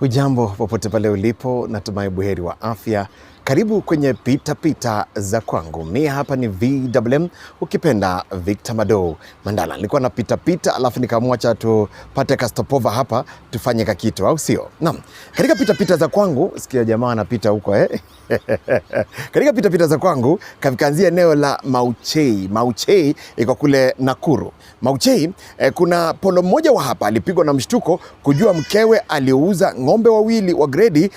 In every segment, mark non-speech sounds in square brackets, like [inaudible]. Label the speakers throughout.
Speaker 1: Hujambo popote pale ulipo, natumai buheri wa afya karibu kwenye pitapita pita za kwangu. Mi hapa ni VMM, ukipenda Victor Mado Mandala. Nilikuwa na pita, alafu nikamwacha tupate kastopova hapa tufanye kakitu, au sio? Naam, katika pita za kwangu, sikia jamaa anapita huko eh? [laughs] katika pita za kwangu kavikaanzia eneo la Mauchei. Mauchei iko kule Nakuru. Mauchei eh, kuna polo mmoja wa hapa alipigwa na mshtuko kujua mkewe aliuza ng'ombe wawili wa gredi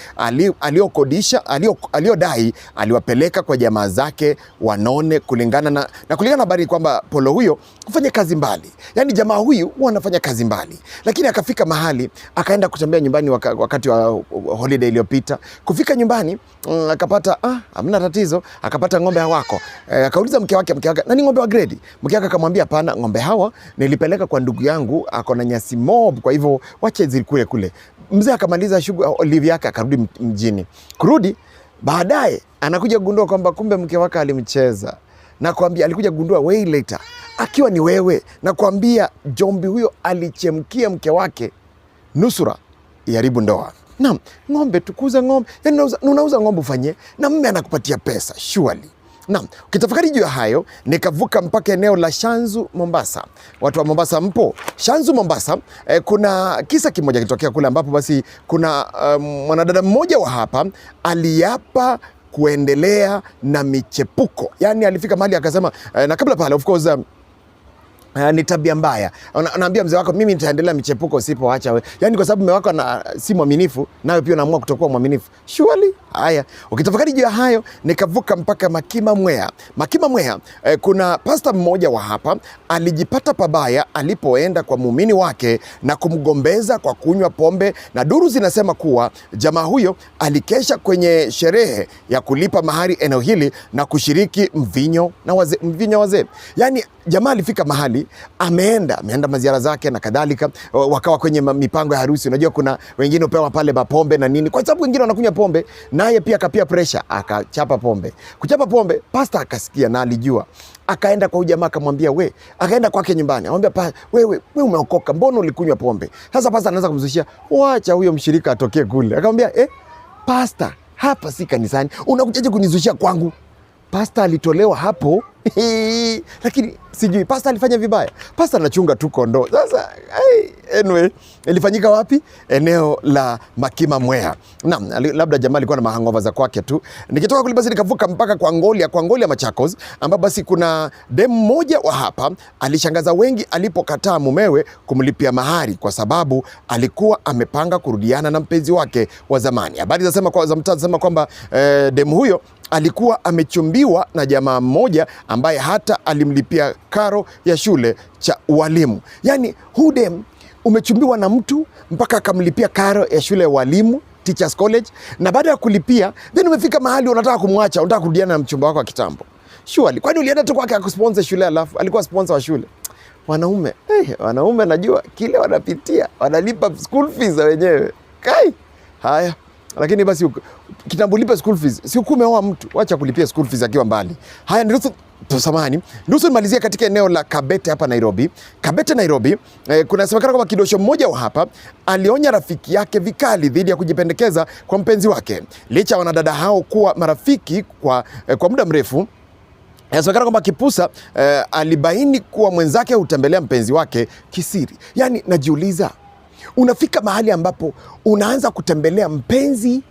Speaker 1: aliokodisha alio anadai aliwapeleka kwa jamaa zake wanone, kulingana na, na kulingana na habari kwamba Polo huyo kufanya kazi mbali, yani jamaa huyu huwa anafanya kazi mbali, lakini akafika mahali akaenda kutembea nyumbani waka, wakati wa holiday iliyopita. Kufika nyumbani mm, akapata ah, hamna tatizo, akapata ng'ombe hawako. E, eh, akauliza mke wake, mke wake, nani ng'ombe wa gredi? Mke wake akamwambia hapana, ng'ombe hawa nilipeleka kwa ndugu yangu, ako na nyasi mob, kwa hivyo wache zikule kule. Mzee akamaliza shughuli yake akarudi mjini kurudi Baadaye anakuja kugundua kwamba kumbe mke wake alimcheza, nakwambia. Alikuja kugundua way later akiwa ni wewe, nakwambia. Jombi huyo alichemkia mke wake nusura iharibu ndoa. Naam, ng'ombe tukuza ng'ombe, yaani unauza ng'ombe ufanye na mme anakupatia pesa surely Naam, ukitafakari juu ya hayo, nikavuka mpaka eneo la Shanzu Mombasa. Watu wa Mombasa mpo? Shanzu Mombasa eh, kuna kisa kimoja kilitokea kule ambapo basi kuna um, mwanadada mmoja wa hapa aliapa kuendelea na michepuko, yaani alifika mahali akasema eh, na kabla pale of course um, Uh, ni tabia mbaya. Anaambia mzee wako mimi nitaendelea michepuko usipoacha wewe. Yaani kwa sababu mume wako na si mwaminifu, nawe pia unaamua kutokuwa mwaminifu. Surely. Haya. Ukitafakari juu ya hayo, nikavuka mpaka Makima Mwea. Makima Mwea, eh, kuna pasta mmoja wa hapa alijipata pabaya alipoenda kwa muumini wake na kumgombeza kwa kunywa pombe, na duru zinasema kuwa jamaa huyo alikesha kwenye sherehe ya kulipa mahari eneo hili na kushiriki mvinyo na wazee, mvinyo wazee. Yaani jamaa alifika mahali ameenda ameenda maziara zake na kadhalika, wakawa kwenye mipango ya harusi. Unajua kuna wengine upewa pale mapombe na nini, kwa sababu wengine wanakunywa pombe, naye pia akapia presha, akachapa pombe. Kuchapa pombe, pasta akasikia na alijua akaenda kwa ujamaa akamwambia, we, akaenda kwake nyumbani, amwambia wewe, we umeokoka, mbona ulikunywa pombe? Sasa pasta anaanza kumzushia, wacha huyo mshirika atokee kule. Akamwambia eh, pasta, hapa si kanisani, unakujaje kunizushia kwangu? Pasta alitolewa hapo [laughs] lakini sijui pasta alifanya vibaya. Pasta anachunga tu kondoo. Sasa anyway, ilifanyika wapi? Eneo la Makima Mwea. Naam, labda jamaa alikuwa na mahangova za kwake tu. Nikitoka kule basi nikavuka mpaka kwa Ngolia, kwa Ngolia Machakos, ambapo basi kuna dem mmoja wa hapa alishangaza wengi alipokataa mumewe kumlipia mahari kwa sababu alikuwa amepanga kurudiana na mpenzi wake wa zamani. Habari zasema kwa za mtaa kwamba eh, dem huyo alikuwa amechumbiwa na jamaa mmoja ambaye hata alimlipia karo ya shule cha ualimu. Yaani Hudem umechumbiwa na mtu mpaka akamlipia karo ya shule ya ualimu Teachers College, na baada ya kulipia then umefika mahali unataka kumwacha, unataka kurudiana na mchumba wako wa kitambo. Surely kwani ulienda tu kwake akusponsor shule, alafu alikuwa sponsor wa shule? Wanaume hey, eh, wanaume najua kile wanapitia, wanalipa school fees wenyewe kai haya lakini basi kitambo ulipe school fees, si umeoa mtu, wacha kulipia school fees akiwa mbali. Haya, ndiruhusu tusamahani nusu nimalizia katika eneo la Kabete hapa Nairobi. Kabete Nairobi, eh, kunasemekana kwamba kidosho mmoja wa hapa alionya rafiki yake vikali dhidi ya kujipendekeza kwa mpenzi wake, licha ya wanadada hao kuwa marafiki kwa, eh, kwa muda mrefu Inasemekana kwamba Kipusa eh, alibaini kuwa mwenzake hutembelea mpenzi wake kisiri. Yaani, najiuliza unafika mahali ambapo unaanza kutembelea mpenzi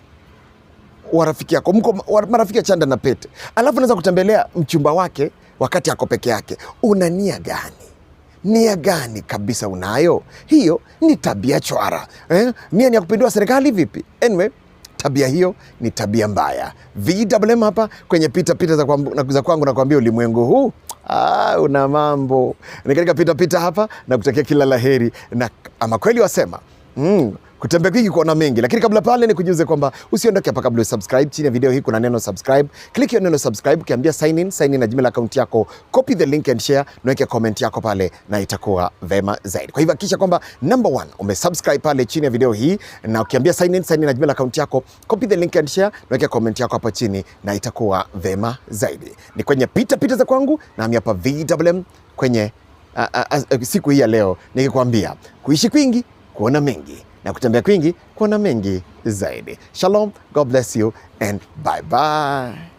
Speaker 1: warafiki yako mko marafiki ya chanda na pete, alafu unaweza kutembelea mchumba wake wakati ako peke yake. Una nia gani? Nia gani kabisa unayo? Hiyo ni tabia chwara eh? Nia ni ya kupindua serikali vipi? Anyway, tabia hiyo ni tabia mbaya. VMM hapa kwenye pita pita za kwangu, za kwangu nakwambia ulimwengu huu ah, una mambo. Ni katika pita pita hapa na kutakia kila laheri na ama kweli wasema Mm, kutembea kwingi kuona mengi, lakini kabla pale ni kujuze kwamba usiondoke hapa kabla usubscribe. Chini ya video hii kuna neno subscribe, click hiyo neno subscribe, ukiambia sign in, sign in na Gmail account yako, copy the link and share, naweke comment yako pale na itakuwa vema zaidi. Kwa hivyo hakikisha kwamba number one umesubscribe pale chini ya video hii, na ukiambia sign in, sign in na Gmail account yako, copy the link and share, naweke comment yako hapa chini na itakuwa vema zaidi. Ni kwenye pita pita za kwangu na nami hapa VMM kwenye a, a, a, siku hii ya leo nikikwambia kuishi kwingi kuona mengi na kutembea kwingi kuona mengi zaidi. Shalom, God bless you and bye bye.